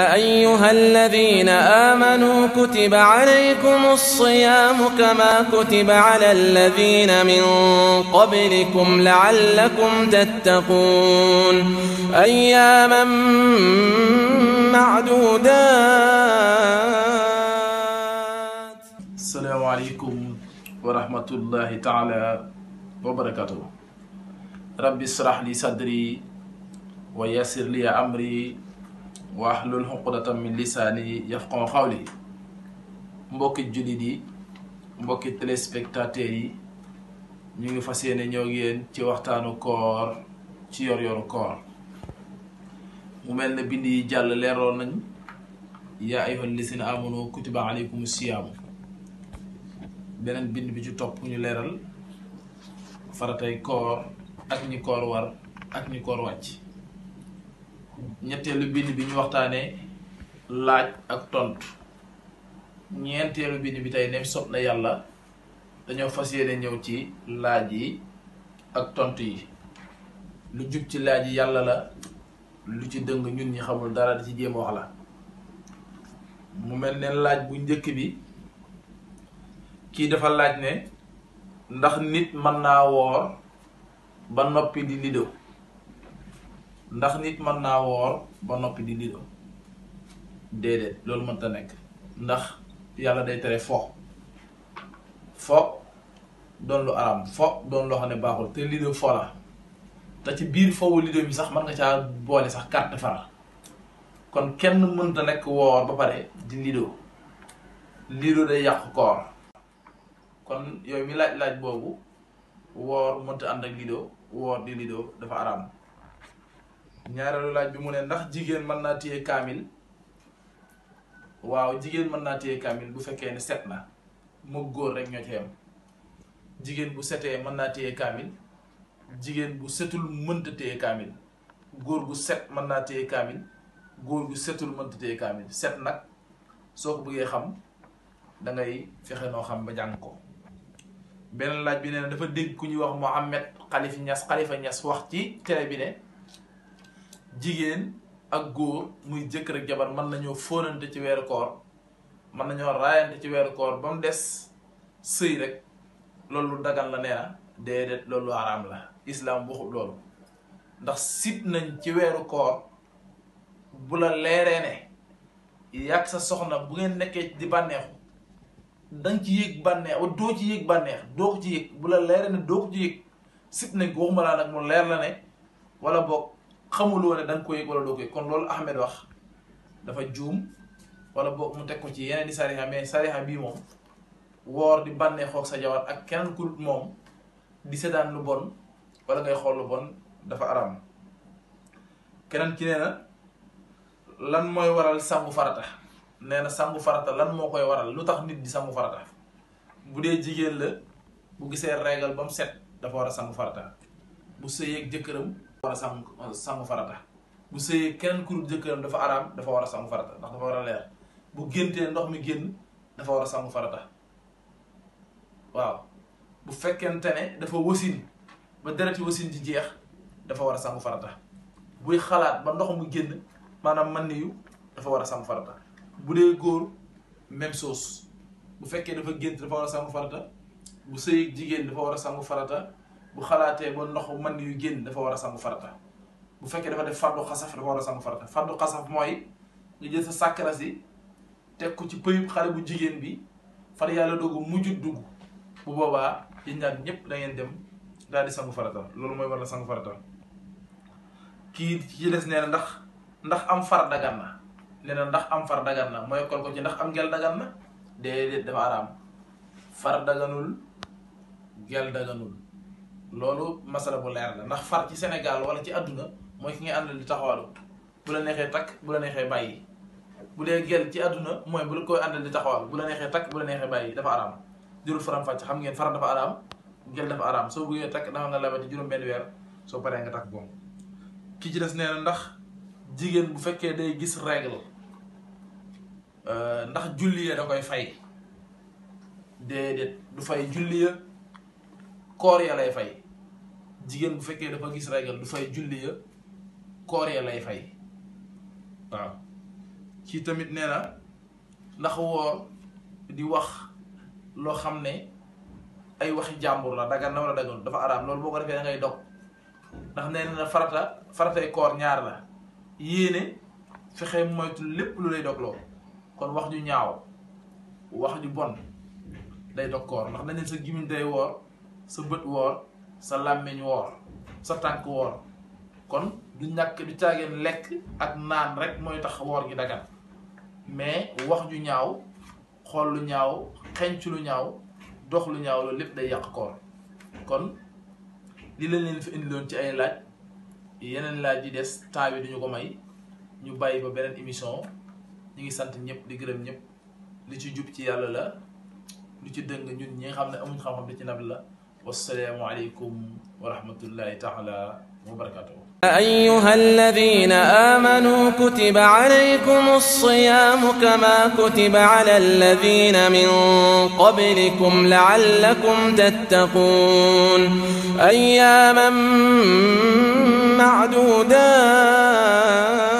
أيها الذين آمنوا كتب عليكم الصيام كما كتب على الذين من قبلكم لعلكم تتقون أياما معدودات السلام عليكم ورحمة الله تعالى وبركاته رب اشرح لي صدري ويسر لي أمري wahlul xuqdatam min lisaani yafqahu xawli mbokki jullit yi mbokki téléspectateurs yi ñu ngi fas yéene ñëw yéen ci waxtaanu koor ci yor yoru koor mu mel ne bind yi jàll leeroon nañ ya ayuhal lisina amanu kutiba alaykum siyaamu beneen bind bi ci topp ñu leeral faratay koor ak ñi koor war ak ñi koor wàcc ñetteelu bind bi ñu waxtaanee laaj ak tontu ñeenteelu bind bi tey nem sob na yàlla dañoo fas yéene ñëw ci laaj yi ak tontu yi lu jub ci laaj yi yàlla la lu ci dëng ñun ñi xamul dara di ci jéem wax la mu mel ne laaj bu njëkk bi kii dafa laaj ne ndax nit mën naa woor ba noppi di nido ndax nit man na wor ba nopi di lido lolou loolu ta nekk ndax yalla day téré fo fo don lu aram fo don lo xane baxul té lido fo la ta ci biir fowu lido bi sax man nga caa bolé sax carte fara kon kenn ta nekk wor ba paré di lido lido day yak koor kon yoy mi laaj laaj wor mën ta and ak lido wor di lido dafa aram ñaareelu laaj bi mu ne ndax jigéen mën naa téye kaamil waaw jigéen mën naa téye kaamil bu fekkee ne set na moog góor rek ñoo ci jigéen bu setee mën naa téye kaamil jigéen bu setul mënta téye kaamil góor gu set mën naa téye kaamil góor gu setul mënta téye kaamil set nag soo ko bëggee xam dangay fexe noo xam ba jàng ko. beneen laaj bi nee na dafa dégg ku ñuy wax Mohamed Khalifa Niass Khalifa Niass wax ci télé bi ne. jigéen ak góor muy jëkkër ak jabar mën nañoo fóonante ci weeru koor mën nañoo raayante ci weeru koor ba mu des sëy rek loolu dagan la nee na déedéet loolu araam la islaam waxul loolu ndax sit nañ ci weeru koor bu la leeree ne yàgg sa soxna bu ngeen nekkee di bànneexu dañ ci yëg bànneex doo ci yëg bànneex bu la leeree ne doo ko ci yëg sit nañ ko waxuma nag mu leer la ne walla boog xamul wala dang nga ko yëg wala do ko kon lol Ahmed wax dafa joom wala bok mu teg ko ci yeneen sariha mais sariha bi mom wor di banne xox sa jawaat ak kenen ku mom di sedan lu bon wala ngay xol lu bon dafa aram kenen ki neena lan moy waral sangu farata neena sangu farata lan mo koy waral lutax nit di sangu farata budé jigen la bu gisé régal bam set dafa wara sangu farata bu seyek jëkkëram war a sangu euh, sangu farata bu sëyee keneen kurub jëkkëram dafa araam dafa war a sangu farata ndax dafa war a leer bu géntee ndox mi génn dafa war a sangu farata waaw bu fekkente ne dafa wasin ba dereti wasin ji jeex dafa war a sangu farata buy xalaat ba ndox mu génn maanaam man niyu dafa war a sangu farata bu dee góor même soos bu fekkee dafa gént dafa war a sangu farata bu sëy jigéen dafa war a sangu farata bu xalaatee ba ndoxu mën yu génn dafa war a sangu farata bu fekkee dafa def faddu xasaf dafa war a sangu farata faddu xasaf mooy nga jël sa sàkkara si teg ko ci pëyub xale bu jigéen bi far yàlla doogu mujj dugg bu boobaa yéen ñaar ñëpp da ngeen dem daal di sangu farata loolu mooy war a sangu farata kii ci des nee na ndax ndax am far dagan na nee ndax am far dagan na mooy kon ko ci ndax am gel dagan na déedéet dafa araam far daganul gel daganul lolu masala bu leer la ndax far ci senegal wala ci aduna moy ki nga andal di taxawalu bu la nexé tak bu la nexé bayyi bu dee gel ci aduna moy bu la koy andal di taxawal bu la nexé tak bu la nexé bayyi dafa aram jurul faram-fàcc xam ngeen far dafa aram gel dafa araam soo bëggee takk danga nga labati jurum ben wer so paree nga tak bon ki ci dess neena ndax jigen bu fekke day gis règle euh, ndax julli ya da koy fay dedet du fay julli ya koor ya lay fay jigéen bu fekkee dafa gis régal du fay julli ya koor ya lay fay waaw ci tamit neena na ndax woor di wax loo xam ne ay waxi jàmbur la dagga na wala dagan dafa araam loolu boo ko defee da dog ndax ne na farata faratay koor ñaar la yéene fexe moytu lépp lu lay dogloo kon wax ju ñaaw wax ju bon day dog koor ndax dañ ne sa gémmiñ day woor sa bët woor sa làmmiñ woor sa tànk woor kon du ñàkk du caageen lekk ak naan rek mooy tax woor gi dagan mais wax ju ñaaw xool lu ñaaw xenc lu ñaaw dox lu ñaaw loolu lépp day yàq koor kon li lañ leen fi indiloon ci ay laaj yeneen laaj yi des temps duñu ko may ñu bàyyi ba beneen émission ñu ngi sant ñëpp di gërëm ñëpp li ci jub ci yàlla la lu ci dëng ñun ñi nga xam ne amuñ xam-xam di ci nabi la والسلام عليكم ورحمة الله تعالى وبركاته أيها الذين آمنوا كتب عليكم الصيام كما كتب على الذين من قبلكم لعلكم تتقون أياما معدودات